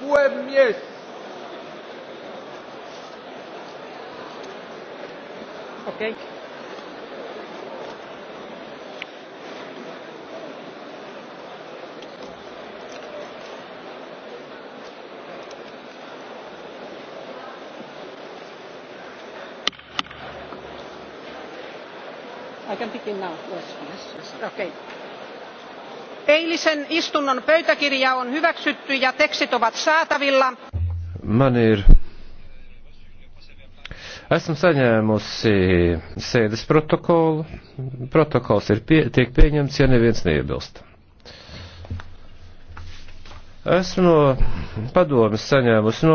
puhemies! Okay. I can begin now. Yes, yes, yes. Okay. Eilisen istunnon pöytäkirja on hyväksytty ja tekstit ovat saatavilla. Man ir. Esmu saņēmusi sēdes protokolu. Protokols ir pie, tiek pieņemts, ja neviens neiebilst. Esmu no padomas saņēmusi no